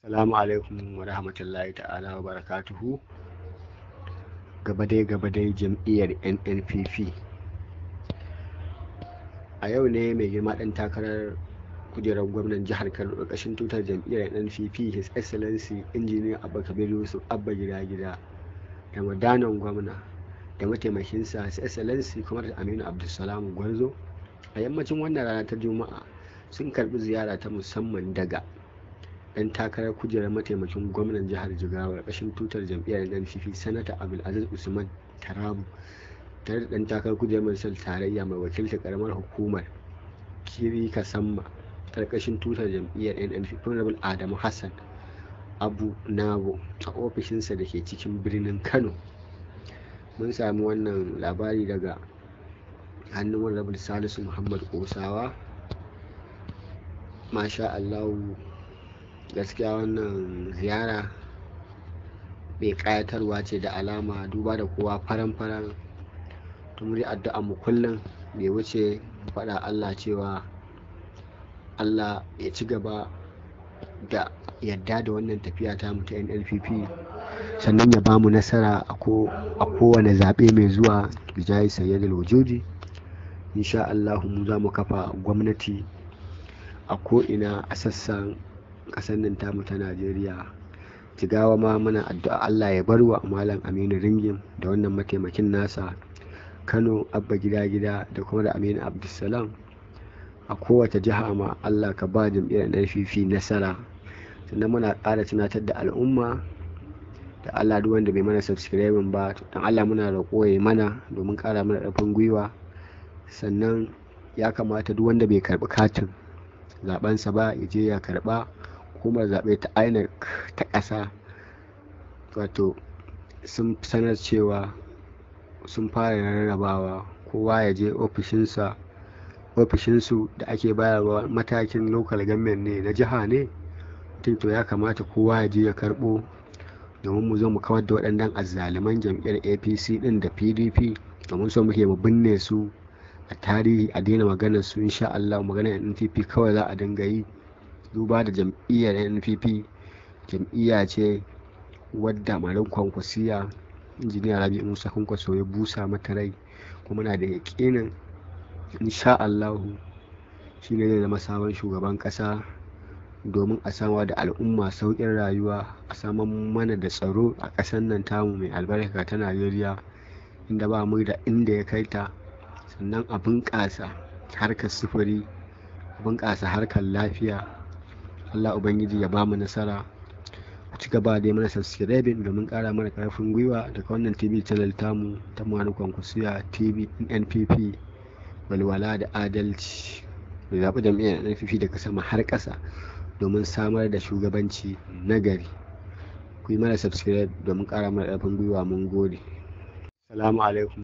Salamu alaikum wa rahmatullahi ta'ala wa barakatuhu. Gaba dai jam'iyyar NNPP. A yau ne mai girma ɗan takarar kujerar gwamnan jihar Kano ƙarƙashin tutar jam'iyyar NNPP His Excellency Injiniya Abba Kabir Yusuf Abba Gida Gida da madanan gwamna da mataimakinsa His Excellency kuma da Aminu Abdulsalam Gwarzo a yammacin wannan rana ta Juma'a sun karɓi ziyara ta musamman daga Ɗan takarar kujerar mataimakin gwamnan jihar jigawa ƙashin tutar jam'iyyar nnpp sanata abdulaziz usman tarabu tare da ɗan takarar kujerar majalisar tarayya mai wakiltar karamar hukumar kiri kasamma ƙarƙashin tutar jam'iyyar nnpp honorable adamu hassan abu nabo a ofishinsa da ke cikin birnin kano mun sami wannan labari daga hannun honorable salisu muhammad kosawa masha allahu gaskiya wannan ziyara mai ƙayatarwa ce da alama duba da kowa faran faran tumuri addu'a mu kullum mai wuce faɗa allah cewa allah ya ci gaba da yadda da wannan tafiya ta mu ta nlpp sannan ya bamu nasara a kowane zaɓe mai zuwa bijayi sayyadul wajoji insha allahu mu za mu kafa gwamnati a ko'ina a sassan ƙasar nan tamu ta najeriya jigawa ma muna addu'a allah ya bar wa malam aminu ringin da wannan mataimakin nasa kano abba gida gida da kuma da aminu abdulsalam a kowace jiha ma allah ka ba jam'iyyar fifi nasara sannan muna ƙara tunatar da al'umma da allah duk wanda bai mana subscribing ba dan allah muna roƙo ya mana domin ƙara mana ƙarfin gwiwa sannan ya kamata duk wanda bai karɓi katin zaɓensa ba ya je ya karɓa hukumar zaɓe ta inec ta ƙasa wato sun sanar cewa sun fara rarrabawa kowa ya je ofishinsu da ake bayarwa matakin lokal government ne na jiha ne to ya kamata kowa ya je ya karɓo domin mu zo mu kawar da waɗannan azzaliman jam'iyyar apc ɗin da pdp domin so muke mu binne su a tarihi a daina maganar su insha Allah maganar NPP kawai za a dinga yi duba da jam'iyyar npp jam'iyya ce wadda malin kwankwasiya injiniya rabi musa kwankwaso ya busa mata rai kuma na da yaƙinin insha allahu shi ne zai zama sabon shugaban ƙasa domin a samuwa da al'umma sauƙin rayuwa a saman mana da tsaro a ƙasar nan tamu mai albarka ta najeriya inda ba mu da inda ya kai ta sannan a bunƙasa harkar sufuri bunƙasa harkar lafiya Allah Ubangiji ya ba mu nasara a ci gaba da mana subscribing domin kara mana karfin gwiwa daga wannan TV channel tamu ta Manukan Kusiya TV NPP walwala da adalci da zaɓi jam'iyyar NPP daga sama har ƙasa domin samar da shugabanci nagari ku yi mana subscribe domin kara mana karfin gwiwa mun gode salamu alaikum